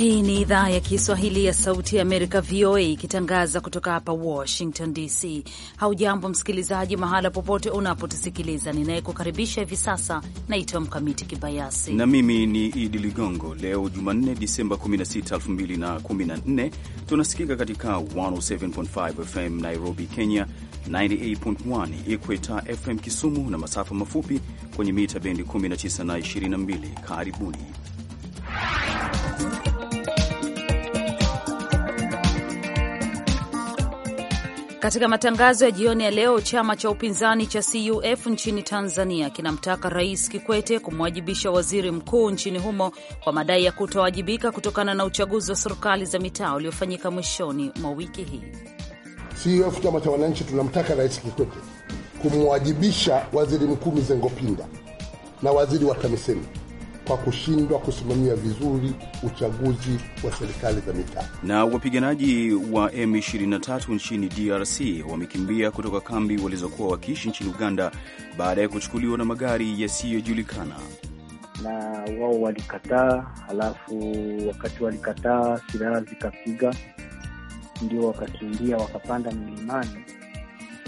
Hii ni idhaa ya Kiswahili ya Sauti ya Amerika, VOA, ikitangaza kutoka hapa Washington DC. Haujambo msikilizaji, mahala popote unapotusikiliza. Ninayekukaribisha hivi sasa naitwa Mkamiti Kibayasi na mimi ni Idi Ligongo. Leo Jumanne, Disemba 16, 2014, tunasikika katika 107.5 FM Nairobi, Kenya, 98.1 Ikweta FM Kisumu na masafa mafupi kwenye mita bendi 19 na 22. Karibuni. Katika matangazo ya jioni ya leo, chama cha upinzani cha CUF nchini Tanzania kinamtaka Rais Kikwete kumwajibisha waziri mkuu nchini humo kwa madai ya kutowajibika kutokana na uchaguzi wa serikali za mitaa uliofanyika mwishoni mwa wiki hii. CUF chama cha wananchi, tunamtaka Rais Kikwete kumwajibisha waziri mkuu Mizengo Pinda na waziri wa TAMISEMI kwa kushindwa kusimamia vizuri uchaguzi wa serikali za mitaa. Na wapiganaji wa M23 nchini DRC wamekimbia kutoka kambi walizokuwa wakiishi nchini Uganda baada ya kuchukuliwa na magari yasiyojulikana na wao walikataa. Halafu wakati walikataa, silaha zikapiga, ndio wakakimbia wakapanda milimani.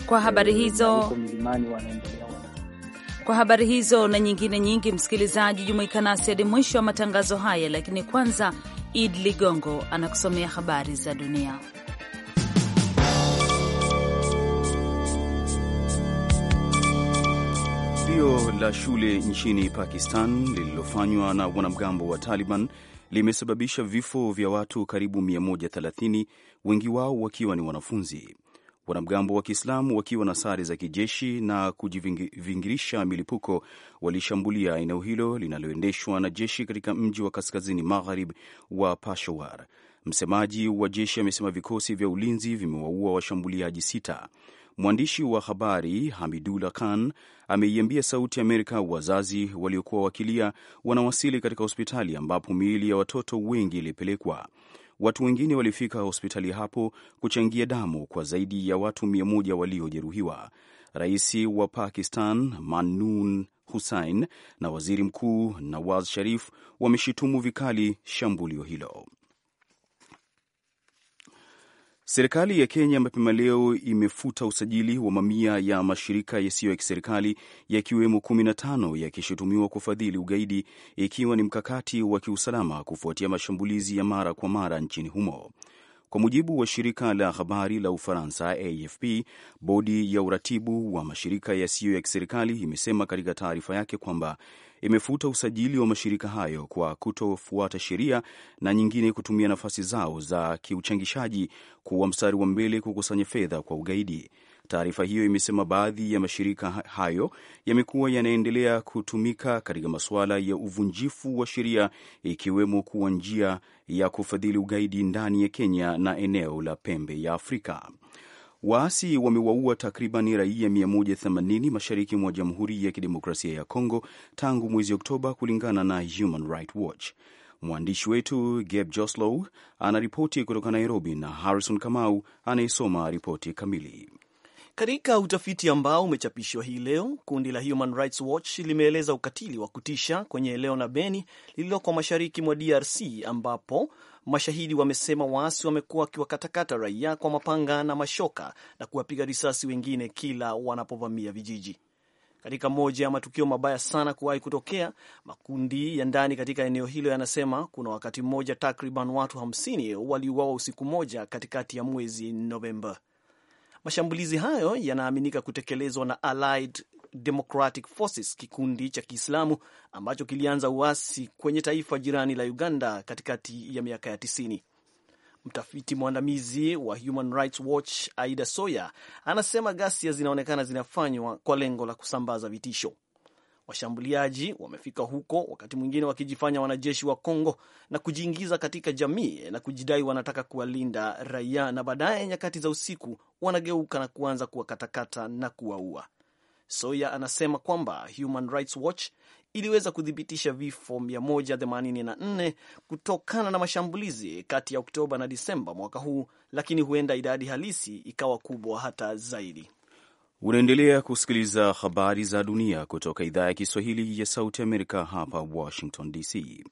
Kwa habari hizo, milimani wanaendelea kwa habari hizo na nyingine nyingi, msikilizaji, jumuika nasi hadi mwisho wa matangazo haya, lakini kwanza Id Ligongo anakusomea habari za dunia. Tukio la shule nchini Pakistan lililofanywa na wanamgambo wa Taliban limesababisha vifo vya watu karibu 130, wengi wao wakiwa ni wanafunzi. Wanamgambo wa Kiislamu wakiwa na sare za kijeshi na kujivingirisha milipuko walishambulia eneo hilo linaloendeshwa na jeshi katika mji wa kaskazini magharibi wa Peshawar. Msemaji wa jeshi amesema vikosi vya ulinzi vimewaua washambuliaji sita. Mwandishi wa habari Hamidullah Khan ameiambia Sauti Amerika wazazi waliokuwa wakilia wanawasili katika hospitali ambapo miili ya watoto wengi ilipelekwa. Watu wengine walifika hospitali hapo kuchangia damu kwa zaidi ya watu mia moja waliojeruhiwa. Rais wa Pakistan Manun Hussein na waziri mkuu Nawaz Sharif wameshitumu vikali shambulio hilo. Serikali ya Kenya mapema leo imefuta usajili wa mamia ya mashirika yasiyo ya kiserikali yakiwemo 15 yakishutumiwa kufadhili ugaidi, ikiwa ni mkakati wa kiusalama kufuatia mashambulizi ya mara kwa mara nchini humo. Kwa mujibu wa shirika la habari la Ufaransa AFP, bodi ya uratibu wa mashirika yasiyo ya kiserikali imesema katika taarifa yake kwamba imefuta usajili wa mashirika hayo kwa kutofuata sheria na nyingine kutumia nafasi zao za kiuchangishaji kuwa mstari wa mbele kukusanya fedha kwa ugaidi. Taarifa hiyo imesema baadhi ya mashirika hayo yamekuwa yanaendelea kutumika katika masuala ya uvunjifu wa sheria, ikiwemo kuwa njia ya kufadhili ugaidi ndani ya Kenya na eneo la pembe ya Afrika. Waasi wamewaua takribani raia 180 mashariki mwa Jamhuri ya Kidemokrasia ya Kongo tangu mwezi Oktoba, kulingana na Human Rights Watch. Mwandishi wetu Gabe Joslow anaripoti kutoka Nairobi na Harrison Kamau anayesoma ripoti kamili. Katika utafiti ambao umechapishwa hii leo, kundi la Human Rights Watch limeeleza ukatili wa kutisha kwenye eneo la Beni lililoko mashariki mwa DRC ambapo mashahidi wamesema waasi wamekuwa wakiwakatakata raia kwa mapanga na mashoka na kuwapiga risasi wengine kila wanapovamia vijiji. Katika moja ya matukio mabaya sana kuwahi kutokea, makundi ya ndani katika eneo hilo yanasema kuna wakati mmoja takriban watu 50 waliuawa usiku moja katikati ya mwezi Novemba. Mashambulizi hayo yanaaminika kutekelezwa na Allied Democratic Forces, kikundi cha Kiislamu ambacho kilianza uasi kwenye taifa jirani la Uganda katikati ya miaka ya tisini. Mtafiti mwandamizi wa Human Rights Watch Aida Sawyer anasema ghasia zinaonekana zinafanywa kwa lengo la kusambaza vitisho. Washambuliaji wamefika huko, wakati mwingine wakijifanya wanajeshi wa Kongo na kujiingiza katika jamii na kujidai wanataka kuwalinda raia, na baadaye nyakati za usiku wanageuka na kuanza kuwakatakata na kuwaua. Soya anasema kwamba Human Rights Watch iliweza kuthibitisha vifo 184 kutokana na mashambulizi kati ya Oktoba na Disemba mwaka huu, lakini huenda idadi halisi ikawa kubwa hata zaidi. Unaendelea kusikiliza habari za dunia kutoka idhaa ya Kiswahili ya Sauti Amerika, hapa Washington DC.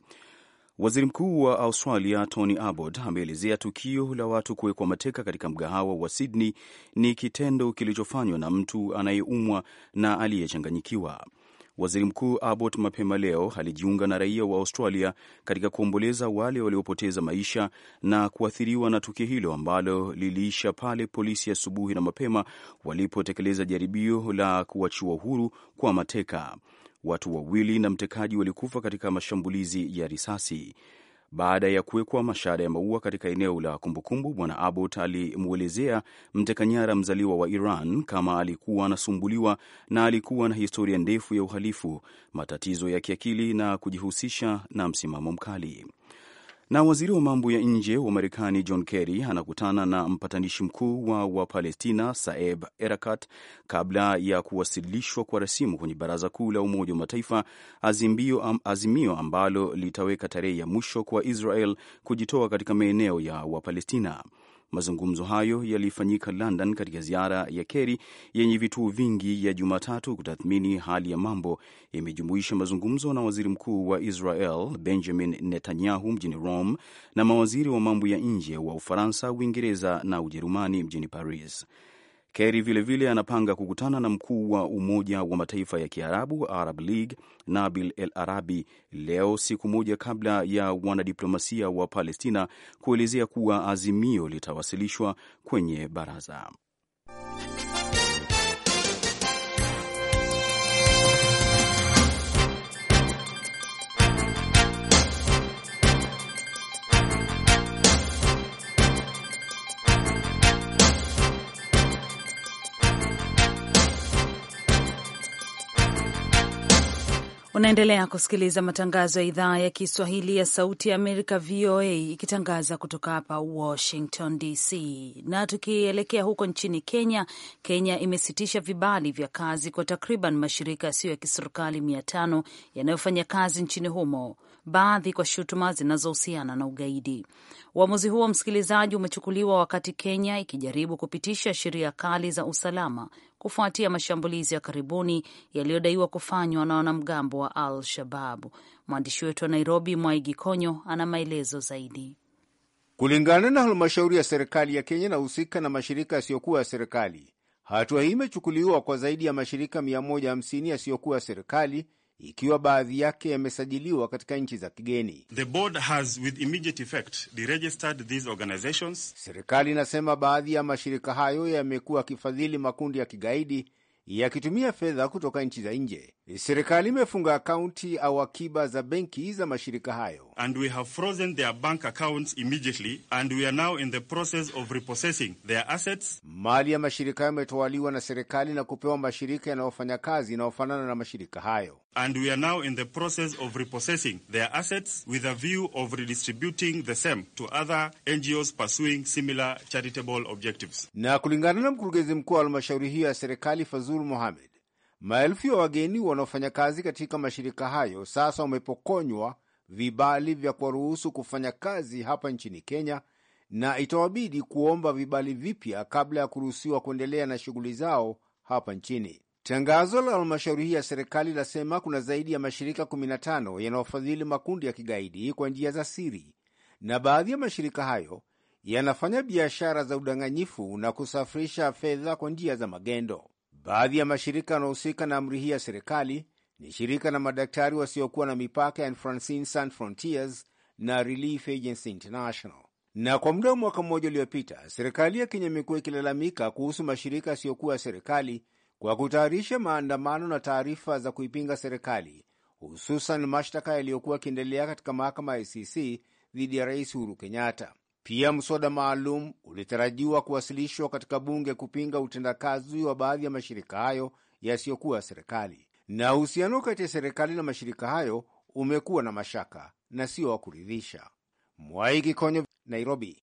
Waziri Mkuu wa Australia Tony Abbott ameelezea tukio la watu kuwekwa mateka katika mgahawa wa Sydney ni kitendo kilichofanywa na mtu anayeumwa na aliyechanganyikiwa. Waziri Mkuu Abbott mapema leo alijiunga na raia wa Australia katika kuomboleza wale waliopoteza maisha na kuathiriwa na tukio hilo ambalo liliisha pale polisi asubuhi na mapema walipotekeleza jaribio la kuachiwa uhuru kwa mateka. Watu wawili na mtekaji walikufa katika mashambulizi ya risasi. Baada ya kuwekwa mashada ya maua katika eneo la kumbukumbu, Bwana Abbott alimwelezea mtekanyara mzaliwa wa Iran kama alikuwa anasumbuliwa na alikuwa na historia ndefu ya uhalifu, matatizo ya kiakili na kujihusisha na msimamo mkali. Na waziri wa mambo ya nje wa Marekani John Kerry anakutana na mpatanishi mkuu wa Wapalestina Saeb Erekat kabla ya kuwasilishwa kwa rasimu kwenye Baraza Kuu la Umoja wa Mataifa azimio, am, azimio ambalo litaweka tarehe ya mwisho kwa Israel kujitoa katika maeneo ya Wapalestina. Mazungumzo hayo yalifanyika London katika ziara ya keri yenye vituo vingi ya Jumatatu kutathmini hali ya mambo. Imejumuisha mazungumzo na waziri mkuu wa Israel Benjamin Netanyahu mjini Rome na mawaziri wa mambo ya nje wa Ufaransa, Uingereza na Ujerumani mjini Paris. Kerry vilevile anapanga kukutana na mkuu wa Umoja wa Mataifa ya Kiarabu, Arab League, Nabil El Arabi leo, siku moja kabla ya wanadiplomasia wa Palestina kuelezea kuwa azimio litawasilishwa kwenye baraza. Unaendelea kusikiliza matangazo ya idhaa ya Kiswahili ya Sauti ya Amerika, VOA, ikitangaza kutoka hapa Washington DC. Na tukielekea huko nchini Kenya, Kenya imesitisha vibali vya kazi kwa takriban mashirika yasiyo ya kiserikali mia tano yanayofanya kazi nchini humo, baadhi kwa shutuma zinazohusiana na ugaidi. Uamuzi huo, msikilizaji, umechukuliwa wakati Kenya ikijaribu kupitisha sheria kali za usalama kufuatia mashambulizi ya karibuni yaliyodaiwa kufanywa na wanamgambo wa Al Shababu. Mwandishi wetu wa Nairobi, Mwaigi Konyo, ana maelezo zaidi. Kulingana na halmashauri ya serikali ya Kenya inahusika na mashirika yasiyokuwa ya serikali, hatua hii imechukuliwa kwa zaidi ya mashirika 150 yasiyokuwa ya serikali ikiwa baadhi yake yamesajiliwa katika nchi za kigeni. The board has with immediate effect deregistered these organizations. Serikali inasema baadhi ya mashirika hayo yamekuwa yakifadhili makundi ya kigaidi yakitumia fedha kutoka nchi za nje. Serikali imefunga akaunti au akiba za benki za mashirika hayo. And we have frozen their bank accounts immediately and we are now in the process of repossessing their assets. Mali ya mashirika hayo yametwaliwa na serikali na kupewa mashirika yanayofanya kazi inayofanana na mashirika hayo and we are now in the process of repossessing their assets with a view of redistributing the same to other NGOs pursuing similar charitable objectives. Na kulingana na mkurugenzi mkuu wa halmashauri hiyo ya serikali Fazul Mohamed, maelfu ya wageni wanaofanya kazi katika mashirika hayo sasa wamepokonywa vibali vya kuwaruhusu kufanya kazi hapa nchini Kenya na itawabidi kuomba vibali vipya kabla ya kuruhusiwa kuendelea na shughuli zao hapa nchini. Tangazo la halmashauri hii ya serikali lasema kuna zaidi ya mashirika 15 yanayofadhili makundi ya kigaidi kwa njia za siri, na baadhi ya mashirika hayo yanafanya biashara za udanganyifu na kusafirisha fedha kwa njia za magendo. Baadhi ya mashirika yanayohusika na amri hii ya serikali ni shirika la madaktari wasiokuwa na mipaka ya Francine Sans Frontieres na Relief Agency International. Na kwa muda wa mwaka mmoja uliopita, serikali ya Kenya imekuwa ikilalamika kuhusu mashirika yasiyokuwa ya serikali kwa kutayarisha maandamano na taarifa za kuipinga serikali, hususan mashtaka yaliyokuwa yakiendelea katika mahakama ya ICC dhidi ya Rais Uhuru Kenyatta. Pia mswada maalum ulitarajiwa kuwasilishwa katika bunge kupinga utendakazi wa baadhi ya mashirika hayo yasiyokuwa ya serikali, na uhusiano kati ya serikali na mashirika hayo umekuwa na mashaka na sio wa kuridhisha. Mwai Nairobi.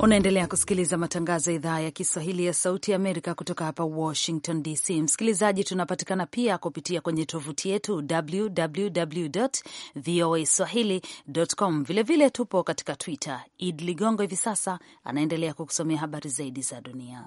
Unaendelea kusikiliza matangazo ya idhaa ya Kiswahili ya Sauti ya Amerika kutoka hapa Washington DC. Msikilizaji, tunapatikana pia kupitia kwenye tovuti yetu www voa swahili.com. Vilevile tupo katika Twitter. Id Ligongo hivi sasa anaendelea kukusomea habari zaidi za dunia.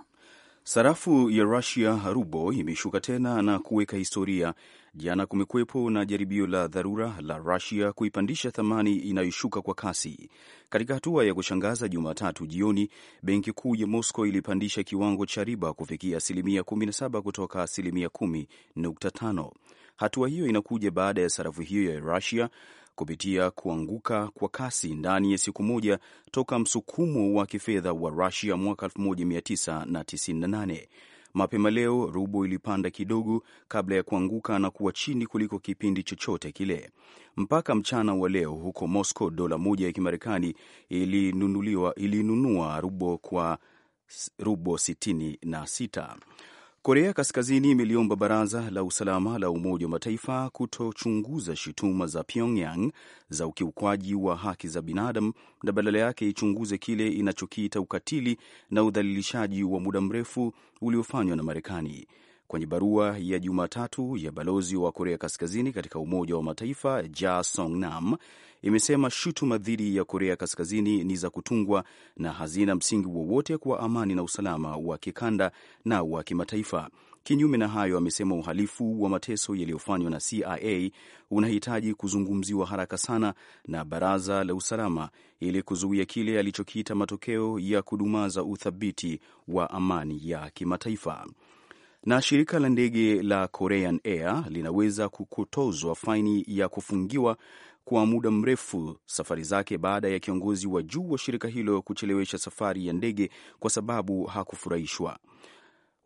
Sarafu ya rusia rubo imeshuka tena na kuweka historia. Jana kumekwepo na jaribio la dharura la rusia kuipandisha thamani inayoshuka kwa kasi. Katika hatua ya kushangaza, Jumatatu jioni, benki kuu ya Moscow ilipandisha kiwango cha riba kufikia asilimia 17 kutoka asilimia 10.5. Hatua hiyo inakuja baada ya sarafu hiyo ya rusia kupitia kuanguka kwa kasi ndani ya siku moja toka msukumo wa kifedha wa Rusia mwaka 1998. Mapema leo rubo ilipanda kidogo kabla ya kuanguka na kuwa chini kuliko kipindi chochote kile. Mpaka mchana wa leo huko Moscow, dola moja ya Kimarekani ilinunua rubo kwa rubo 66. Korea Kaskazini imeliomba Baraza la Usalama la Umoja wa Mataifa kutochunguza shutuma za Pyongyang za ukiukwaji wa haki za binadamu na badala yake ichunguze kile inachokiita ukatili na udhalilishaji wa muda mrefu uliofanywa na Marekani Kwenye barua ya Jumatatu ya balozi wa Korea Kaskazini katika Umoja wa Mataifa Ja Song Nam imesema shutuma dhidi ya Korea Kaskazini ni za kutungwa na hazina msingi wowote kwa amani na usalama wa kikanda na wa kimataifa. Kinyume na hayo, amesema uhalifu wa mateso yaliyofanywa na CIA unahitaji kuzungumziwa haraka sana na Baraza la Usalama ili kuzuia kile alichokiita matokeo ya kudumaza uthabiti wa amani ya kimataifa na shirika la ndege la Korean Air linaweza kukutozwa faini ya kufungiwa kwa muda mrefu safari zake baada ya kiongozi wa juu wa shirika hilo kuchelewesha safari ya ndege kwa sababu hakufurahishwa.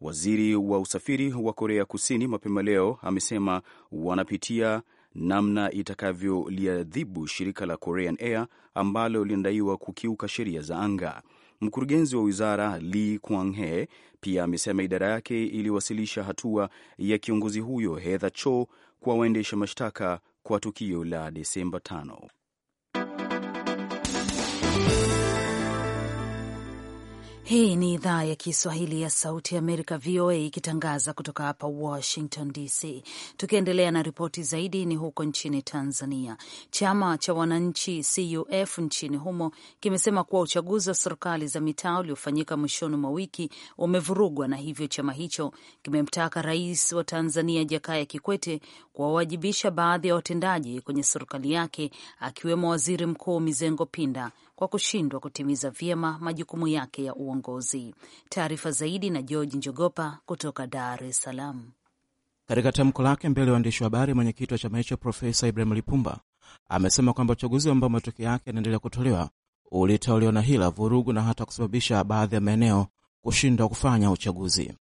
Waziri wa usafiri wa Korea Kusini mapema leo amesema wanapitia namna itakavyoliadhibu shirika la Korean Air ambalo linadaiwa kukiuka sheria za anga. Mkurugenzi wa wizara Lee kwang pia amesema idara yake iliwasilisha hatua ya kiongozi huyo Heather Cho kwa waendesha mashtaka kwa tukio la Desemba 5. Hii ni idhaa ya Kiswahili ya Sauti ya Amerika, VOA, ikitangaza kutoka hapa Washington DC. Tukiendelea na ripoti zaidi, ni huko nchini Tanzania. Chama cha wananchi CUF nchini humo kimesema kuwa uchaguzi wa serikali za mitaa uliofanyika mwishoni mwa wiki umevurugwa, na hivyo chama hicho kimemtaka Rais wa Tanzania Jakaya Kikwete kuwawajibisha baadhi ya watendaji kwenye serikali yake, akiwemo Waziri Mkuu Mizengo Pinda kwa kushindwa kutimiza vyema majukumu yake ya uongozi. Taarifa zaidi na George Njogopa kutoka Dar es Salaam. Katika tamko lake mbele ya waandishi wa habari, mwenyekiti wa chama hicho Profesa Ibrahim Lipumba amesema kwamba uchaguzi ambao matokeo yake yanaendelea kutolewa ulitauliwa na hila, vurugu na hata kusababisha baadhi ya maeneo kushindwa kufanya uchaguzi.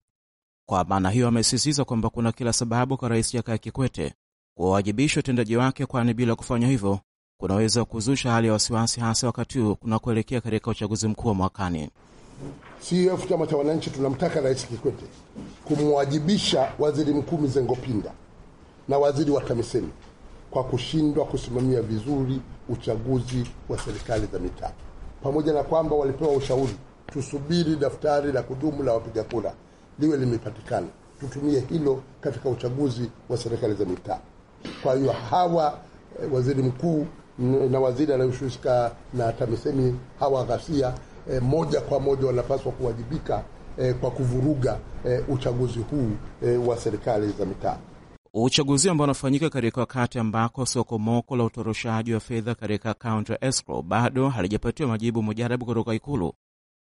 Kwa maana hiyo, amesisitiza kwamba kuna kila sababu kwa Rais Jakaya Kikwete kuwawajibisha utendaji wake, kwani bila kufanya hivyo kunaweza kuzusha hali ya wasiwasi, hasa wakati huu kunakuelekea katika uchaguzi mkuu wa mwakani. CUF e chama cha wananchi tunamtaka Rais Kikwete kumwajibisha waziri mkuu mizengo pinda na waziri wa TAMISEMI kwa kushindwa kusimamia vizuri uchaguzi wa serikali za mitaa, pamoja na kwamba walipewa ushauri tusubiri daftari la kudumu la wapiga kura liwe limepatikana, tutumie hilo katika uchaguzi wa serikali za mitaa. Kwa hiyo hawa eh, waziri mkuu na waziri anayehusika na TAMISEMI hawa ghasia e, moja kwa moja wanapaswa kuwajibika e, kwa kuvuruga e, uchaguzi huu e, wa serikali za mitaa uchaguzi ambao unafanyika katika wakati ambako sokomoko la utoroshaji wa fedha katika akaunti ya escrow bado halijapatiwa majibu mujarabu kutoka Ikulu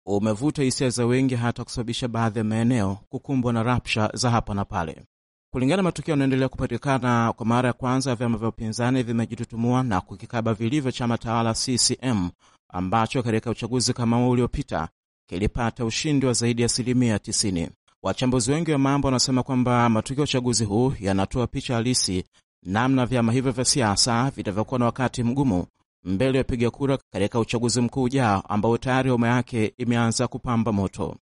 umevuta hisia za wengi, hata kusababisha baadhi ya maeneo kukumbwa na rapsha za hapa na pale. Kulingana na matukio yanayoendelea kupatikana, kwa mara ya kwanza vyama vya upinzani vimejitutumua na kukikaba vilivyo chama tawala CCM ambacho katika uchaguzi kama huu uliopita kilipata ushindi wa zaidi ya asilimia 90. Wachambuzi wengi wa mambo wanasema kwamba matukio ya uchaguzi huu yanatoa picha halisi namna vyama hivyo vya siasa vitavyokuwa na wakati mgumu mbele ya wapiga kura katika uchaguzi mkuu ujao ambao tayari homa yake imeanza kupamba moto.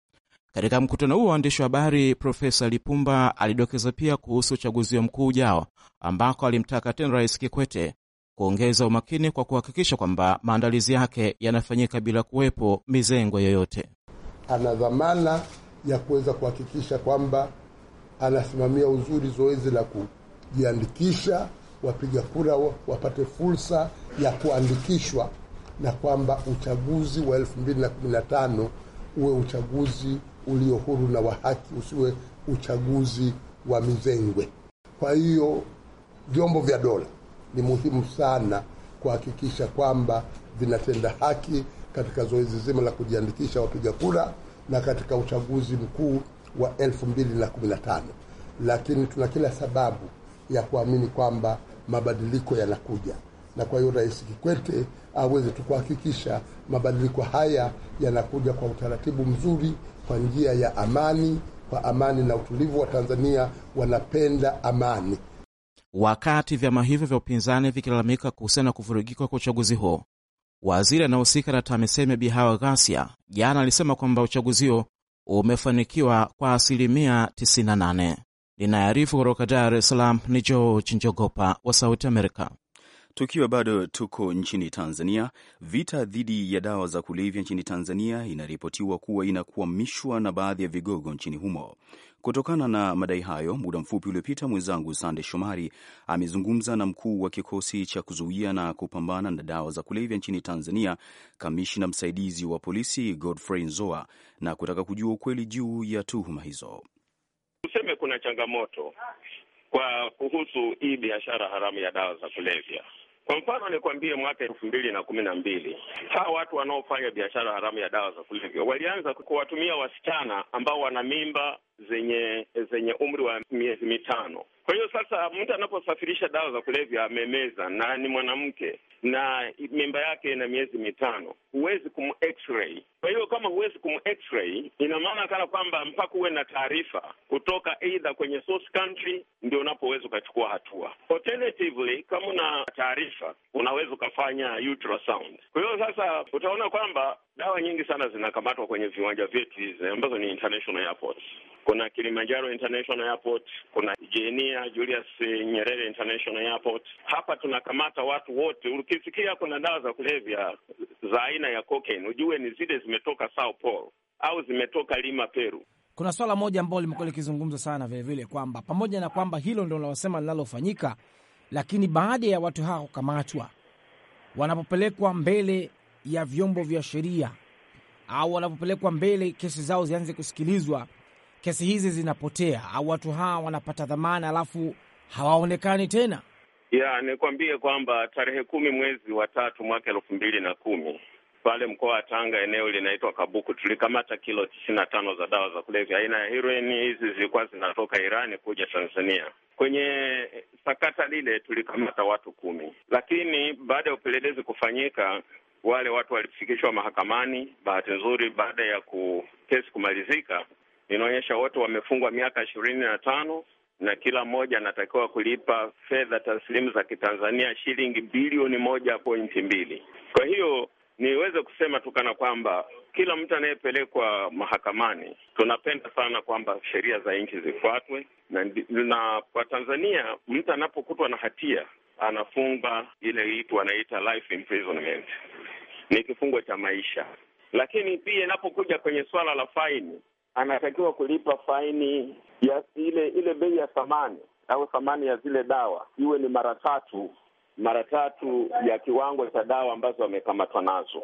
Katika mkutano huo waandishi wa habari, Profesa Lipumba alidokeza pia kuhusu uchaguzi wa mkuu ujao, ambako alimtaka tena Rais Kikwete kuongeza umakini kwa kuhakikisha kwamba maandalizi yake yanafanyika bila kuwepo mizengo yoyote. Ana dhamana ya kuweza kuhakikisha kwamba anasimamia uzuri zoezi la kujiandikisha, wapiga kura wapate fursa ya kuandikishwa na kwamba uchaguzi wa 215 uwe uchaguzi ulio huru na wa haki, usiwe uchaguzi wa mizengwe. Kwa hiyo vyombo vya dola ni muhimu sana kuhakikisha kwamba vinatenda haki katika zoezi zima la kujiandikisha wapiga kura na katika uchaguzi mkuu wa 2015 lakini tuna kila sababu ya kuamini kwamba mabadiliko yanakuja na kwa hiyo Rais Kikwete aweze tu kuhakikisha mabadiliko haya yanakuja kwa utaratibu mzuri, kwa njia ya amani, kwa amani na utulivu. Wa Tanzania wanapenda amani. Wakati vyama hivyo vya upinzani vikilalamika kuhusiana na kuvurugika kwa uchaguzi huo, waziri anahusika na TAMISEMI Bihawa Ghasia jana alisema kwamba uchaguzi huo umefanikiwa kwa asilimia 98. Ninayarifu kutoka Dar es Salaam ni George Njogopa wa Sauti Amerika. Tukiwa bado tuko nchini Tanzania, vita dhidi ya dawa za kulevya nchini Tanzania inaripotiwa kuwa inakwamishwa na baadhi ya vigogo nchini humo. Kutokana na madai hayo, muda mfupi uliopita, mwenzangu Sande Shomari amezungumza na mkuu wa kikosi cha kuzuia na kupambana na dawa za kulevya nchini Tanzania, kamishina msaidizi wa polisi Godfrey Nzoa, na kutaka kujua ukweli juu ya tuhuma hizo. Tuseme kuna changamoto kwa kuhusu hii biashara haramu ya dawa za kulevya kwa mfano nikwambie, mwaka elfu mbili na kumi na mbili hawa watu wanaofanya biashara haramu ya dawa za kulevya walianza kuwatumia wasichana ambao wana mimba zenye zenye umri wa miezi mitano. Kwa hiyo sasa, mtu anaposafirisha dawa za kulevya amemeza na ni mwanamke na mimba yake ina miezi mitano, huwezi kum x-ray kwa hiyo kama huwezi kum x-ray, ina maana kana kwamba mpaka uwe na taarifa kutoka either kwenye source country ndio unapoweza ukachukua hatua. Alternatively, kama una taarifa unaweza ukafanya ultrasound. Kwa hiyo sasa utaona kwamba dawa nyingi sana zinakamatwa kwenye viwanja vyetu hizi ambazo ni international airports. Kuna Kilimanjaro International Airport, kuna Jenia Julius Nyerere International Airport. Hapa tunakamata watu wote. Ukisikia kuna dawa za kulevya za aina ya cocaine, ujue ni zile zimetoka Sao Paulo au zimetoka Lima, Peru. Kuna swala moja ambalo limekuwa likizungumzwa sana vilevile, kwamba pamoja na kwamba hilo ndio linalosema linalofanyika, lakini baada ya watu hawa kukamatwa, wanapopelekwa mbele ya vyombo vya sheria au wanapopelekwa mbele kesi zao zianze kusikilizwa, kesi hizi zinapotea au watu hawa wanapata dhamana alafu hawaonekani tena. Ya, nikwambie kwamba tarehe kumi mwezi wa tatu mwaka elfu mbili na kumi pale mkoa wa Tanga, eneo linaitwa Kabuku, tulikamata kilo tisini na tano za dawa za kulevya aina ya heroin. Hizi zilikuwa zinatoka Irani kuja Tanzania. Kwenye sakata lile tulikamata watu kumi, lakini baada ya upelelezi kufanyika wale watu walifikishwa mahakamani. Bahati nzuri, baada ya ku kesi kumalizika, inaonyesha wote wamefungwa miaka ishirini na tano na kila mmoja anatakiwa kulipa fedha taslimu za kitanzania shilingi bilioni moja pointi mbili. Kwa hiyo niweze kusema tu kana kwamba kila mtu anayepelekwa mahakamani tunapenda sana kwamba sheria za nchi zifuatwe, na, na kwa Tanzania mtu anapokutwa na hatia anafungwa ile itu wanaita life imprisonment, ni kifungo cha maisha. Lakini pia inapokuja kwenye swala la faini, anatakiwa kulipa faini ya ile ile bei ya thamani au thamani ya zile dawa iwe ni mara tatu mara tatu ya kiwango cha dawa ambazo wamekamatwa nazo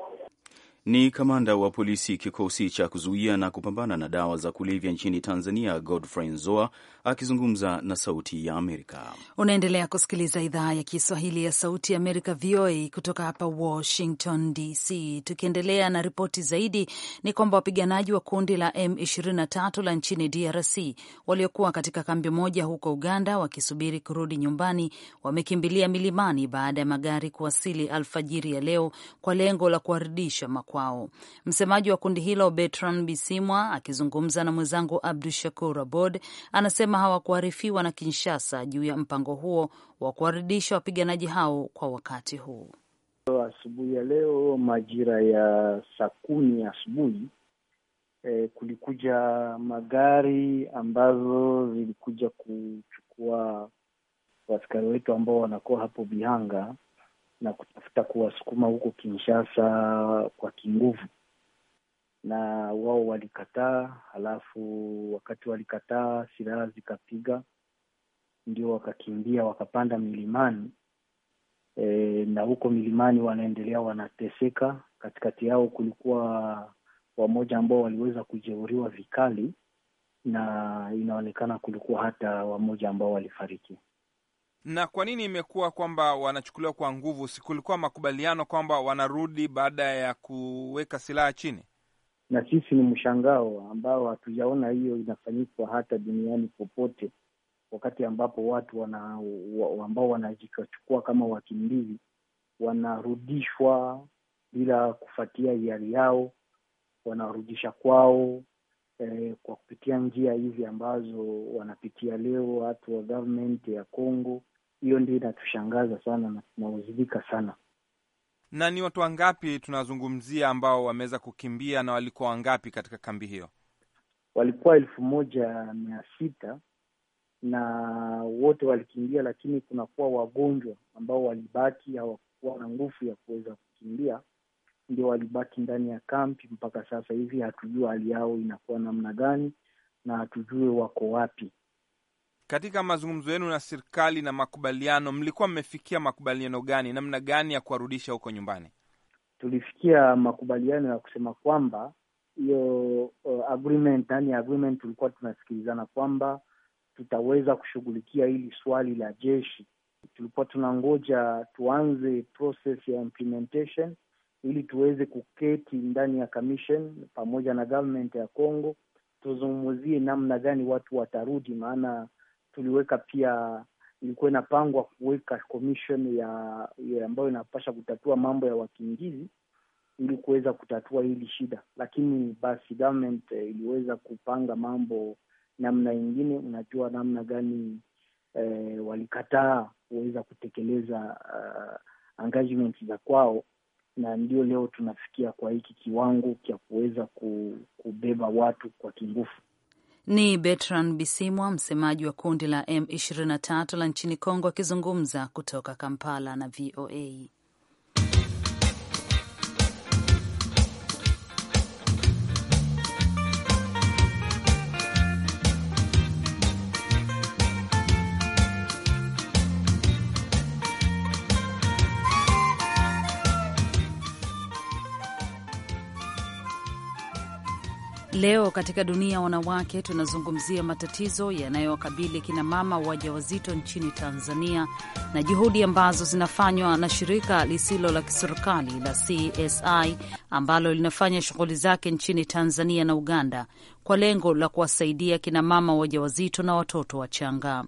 ni kamanda wa polisi kikosi cha kuzuia na kupambana na dawa za kulevya nchini Tanzania, Godfrey Nzoa akizungumza na Sauti ya Amerika. Unaendelea kusikiliza idhaa ya Kiswahili ya Sauti ya Amerika, VOA, kutoka hapa Washington DC. Tukiendelea na ripoti zaidi, ni kwamba wapiganaji wa kundi la M23 la nchini DRC waliokuwa katika kambi moja huko Uganda wakisubiri kurudi nyumbani wamekimbilia milimani baada ya magari kuwasili alfajiri ya leo kwa lengo la kuwaridisha kwao. Msemaji wa kundi hilo Bertrand Bisimwa akizungumza na mwenzangu Abdu Shakur Abod anasema hawakuarifiwa na Kinshasa juu ya mpango huo wa kuwarudisha wapiganaji hao kwa wakati huu. Asubuhi ya leo majira ya saa kumi asubuhi e, kulikuja magari ambazo zilikuja kuchukua waskari wetu ambao wanakuwa hapo Bihanga na kutafuta kuwasukuma huko Kinshasa kwa kinguvu, na wao walikataa. Halafu wakati walikataa, silaha zikapiga, ndio wakakimbia wakapanda milimani e, na huko milimani wanaendelea wanateseka. Katikati yao kulikuwa wamoja ambao waliweza kujeruhiwa vikali na inaonekana kulikuwa hata wamoja ambao walifariki. Na kwa nini imekuwa kwamba wanachukuliwa kwa nguvu? Si kulikuwa makubaliano kwamba wanarudi baada ya kuweka silaha chini? Na sisi ni mshangao ambao hatujaona hiyo inafanyikwa hata duniani popote, wakati ambapo watu wana, ambao wanajikachukua kama wakimbizi wanarudishwa bila kufuatia hiari yao, wanarudisha kwao eh, kwa kupitia njia hizi ambazo wanapitia leo watu wa government ya Congo hiyo ndio inatushangaza sana na tunahuzunika sana. Na ni watu wangapi tunazungumzia ambao wameweza kukimbia na walikuwa wangapi katika kambi hiyo? Walikuwa elfu moja mia sita na wote walikimbia, lakini kunakuwa wagonjwa ambao walibaki, hawakuwa na nguvu ya kuweza kukimbia, ndio walibaki ndani ya kampi. Mpaka sasa hivi hatujua hali yao inakuwa namna gani na hatujue wako wapi. Katika mazungumzo yenu na serikali na makubaliano, mlikuwa mmefikia makubaliano gani? Namna gani ya kuwarudisha huko nyumbani? Tulifikia makubaliano ya kusema kwamba hiyo uh, agreement ndani ya agreement tulikuwa tunasikilizana kwamba tutaweza kushughulikia hili swali la jeshi. Tulikuwa tunangoja tuanze process ya implementation ili tuweze kuketi ndani ya commission pamoja na government ya Congo tuzungumzie namna gani watu watarudi, maana tuliweka pia, ilikuwa inapangwa kuweka commission ya, ya ambayo inapasha kutatua mambo ya wakimbizi ili kuweza kutatua hili shida, lakini basi government eh, iliweza kupanga mambo namna ingine. Unajua namna gani eh, walikataa kuweza kutekeleza uh, ah, engagement za kwao, na ndio leo tunafikia kwa hiki kiwango cha kuweza kubeba watu kwa kingufu. Ni Bertrand Bisimwa, msemaji wa kundi la M23 la nchini Kongo, akizungumza kutoka Kampala na VOA. Leo katika dunia ya wanawake tunazungumzia matatizo yanayowakabili kinamama wajawazito nchini Tanzania na juhudi ambazo zinafanywa na shirika lisilo la kiserikali la CSI ambalo linafanya shughuli zake nchini Tanzania na Uganda kwa lengo la kuwasaidia kinamama wajawazito na watoto wachanga.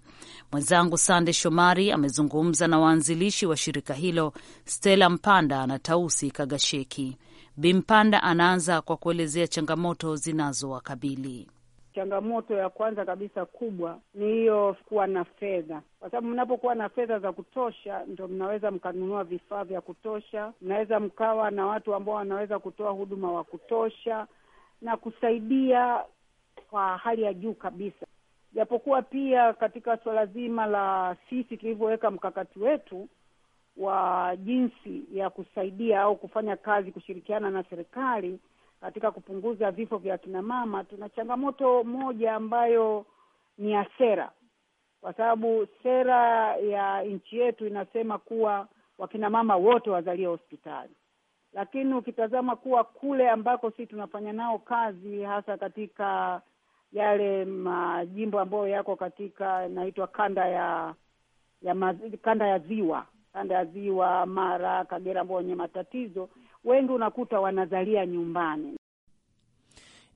Mwenzangu Sande Shomari amezungumza na waanzilishi wa shirika hilo, Stella Mpanda na Tausi Kagasheki. Bimpanda anaanza kwa kuelezea changamoto zinazowakabili. Changamoto ya kwanza kabisa kubwa ni hiyo kuwa na fedha, kwa sababu mnapokuwa na fedha za kutosha ndo mnaweza mkanunua vifaa vya kutosha, mnaweza mkawa na watu ambao wanaweza kutoa huduma wa kutosha, na kusaidia kwa hali ya juu kabisa, japokuwa pia katika suala zima la sisi tulivyoweka mkakati wetu wa jinsi ya kusaidia au kufanya kazi kushirikiana na serikali katika kupunguza vifo vya akina mama, tuna changamoto moja ambayo ni ya sera, kwa sababu sera ya nchi yetu inasema kuwa wakina mama wote wazalie hospitali lakini ukitazama kuwa kule ambako sisi tunafanya nao kazi hasa katika yale majimbo ambayo yako katika inaitwa kanda ya ya mazi, kanda ya ziwa kanda ya ziwa Mara, Kagera ambao wenye matatizo wengi unakuta wanazalia nyumbani.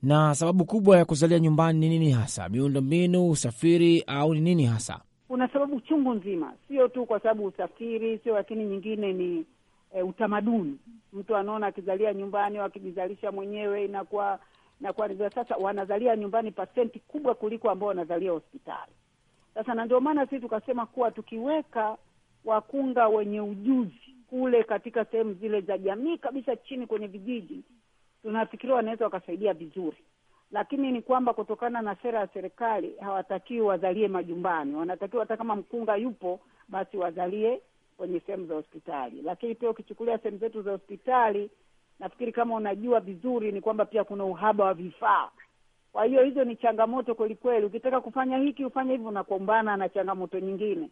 Na sababu kubwa ya kuzalia nyumbani ni nini hasa? Miundombinu, usafiri au ni nini hasa? Kuna sababu chungu nzima, sio tu kwa sababu usafiri, sio lakini nyingine ni e, utamaduni. Mtu anaona akizalia nyumbani au akijizalisha mwenyewe inakuwa kwa hivyo sasa, wanazalia nyumbani pasenti kubwa kuliko ambao wanazalia hospitali. Sasa na ndio maana sisi tukasema kuwa tukiweka wakunga wenye ujuzi kule katika sehemu zile za jamii kabisa chini kwenye vijiji, tunafikiria wanaweza wakasaidia vizuri, lakini ni kwamba kutokana na sera ya serikali hawatakiwi wazalie majumbani, wanatakiwa hata kama mkunga yupo basi wazalie kwenye sehemu za hospitali. Lakini pia ukichukulia sehemu zetu za hospitali, nafikiri kama unajua vizuri, ni kwamba pia kuna uhaba wa vifaa. Kwa hiyo hizo ni changamoto kweli kweli. Ukitaka kufanya hiki ufanye hivi, unakumbana na changamoto nyingine.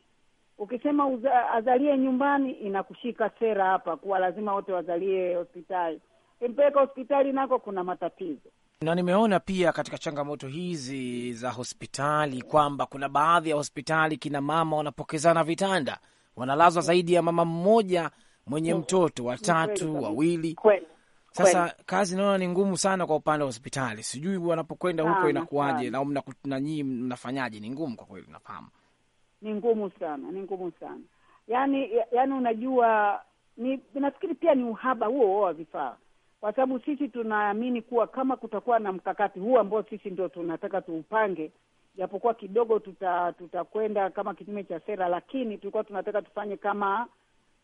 Ukisema uza, azalie nyumbani, inakushika sera hapa kuwa lazima wote wazalie hospitali. kimpeleka hospitali nako kuna matatizo na nimeona pia katika changamoto hizi za hospitali kwamba kuna baadhi ya hospitali kina mama wanapokezana vitanda wanalazwa zaidi ya mama mmoja mwenye mm. mtoto watatu wawili. Sasa kazi naona ni ngumu sana kwa upande wa hospitali, sijui wanapokwenda huko inakuwaje, na na mnafanyaje? Ni ngumu kwa kweli, nafahamu ni ngumu sana, ni ngumu sana yani, yani unajua ni, nafikiri pia ni uhaba huo wa vifaa, kwa sababu sisi tunaamini kuwa kama kutakuwa na mkakati huu ambao sisi ndio tunataka tuupange japokuwa kidogo tuta tutakwenda kama kinyume cha sera, lakini tulikuwa tunataka tufanye kama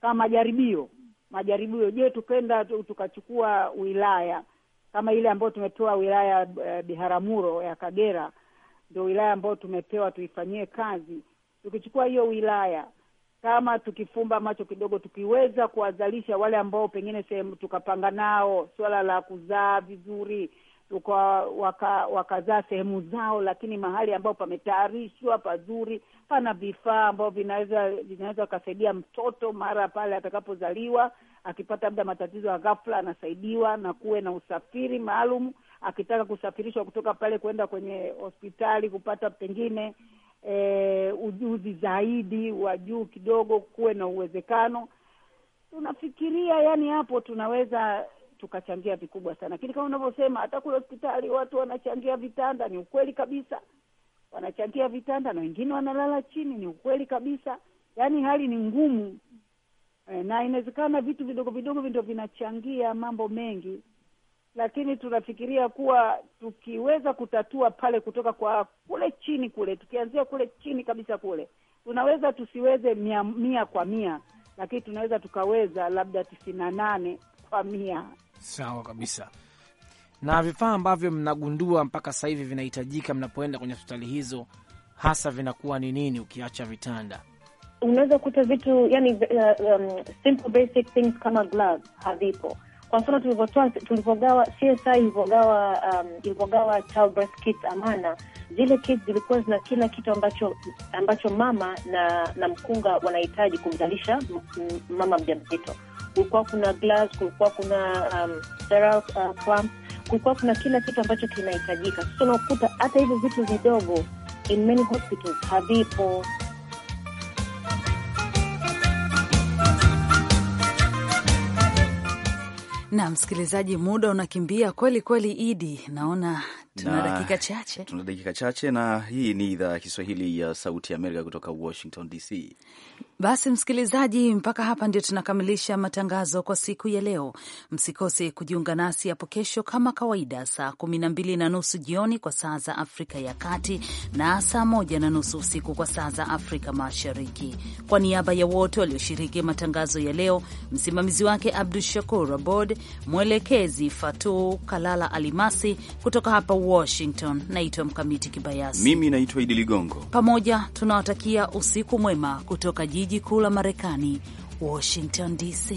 kama majaribio majaribio. Je, tukenda tukachukua wilaya kama ile ambayo tumepewa wilaya e, eh, Biharamuro ya Kagera, ndio wilaya ambayo tumepewa tuifanyie kazi. Tukichukua hiyo wilaya kama tukifumba macho kidogo, tukiweza kuwazalisha wale ambao pengine sehemu tukapanga nao swala la kuzaa vizuri wakazaa waka sehemu zao, lakini mahali ambayo pametayarishwa pazuri, pana vifaa ambavyo vinaweza vinaweza kasaidia mtoto mara pale atakapozaliwa, akipata labda matatizo ya ghafla anasaidiwa, na kuwe na usafiri maalum akitaka kusafirishwa kutoka pale kwenda kwenye hospitali kupata pengine e, ujuzi zaidi wa juu kidogo, kuwe na uwezekano tunafikiria yani, hapo tunaweza tukachangia vikubwa sana. Lakini kama unavyosema, hata kule hospitali watu wanachangia vitanda, ni ukweli kabisa, wanachangia vitanda na wengine wanalala chini, ni ukweli kabisa. Yaani hali ni ngumu e, na inawezekana vitu vidogo vidogo vindo vinachangia mambo mengi, lakini tunafikiria kuwa tukiweza kutatua pale kutoka kwa kule chini kule, tukianzia kule chini kabisa kule, tunaweza tusiweze mia, mia kwa mia, lakini tunaweza tukaweza labda tisini na nane kwa mia. Sawa kabisa. Na vifaa ambavyo mnagundua mpaka sasa hivi vinahitajika mnapoenda kwenye hospitali hizo, hasa vinakuwa ni nini, ukiacha vitanda? Unaweza kuta vitu yani, uh, um, simple basic things kama gloves havipo. Kwa mfano tulivyotoa tulivyogawa CSI ilivyogawa um, ilivyogawa childbirth Amana, zile kit zilikuwa zina kila kitu ambacho ambacho mama na na mkunga wanahitaji kumzalisha mama mjamzito kulikuwa kuna gloves, kulikuwa kuna um, sterile uh, clamp, kulikuwa kuna kila kitu ambacho kinahitajika. Sasa unakuta hata hivyo vitu vidogo in many hospitals havipo. Na msikilizaji, muda unakimbia kweli kweli. Idi, naona tuna dakika chache, tuna dakika chache, na hii ni idhaa ya Kiswahili ya Sauti ya Amerika kutoka Washington DC. Basi msikilizaji, mpaka hapa ndio tunakamilisha matangazo kwa siku ya leo. Msikose kujiunga nasi hapo kesho kama kawaida, saa kumi na mbili na nusu jioni kwa saa za Afrika ya Kati na saa moja na nusu usiku kwa saa za Afrika Mashariki. Kwa niaba ya wote walioshiriki matangazo ya leo, msimamizi wake Abdu Shakur Abod, mwelekezi Fatu Kalala Alimasi kutoka hapa Washington. Naitwa Mkamiti Kibayasi. Mimi naitwa Idi Ligongo. Pamoja tunawatakia usiku mwema kutoka jiji kuu la Marekani, Washington DC.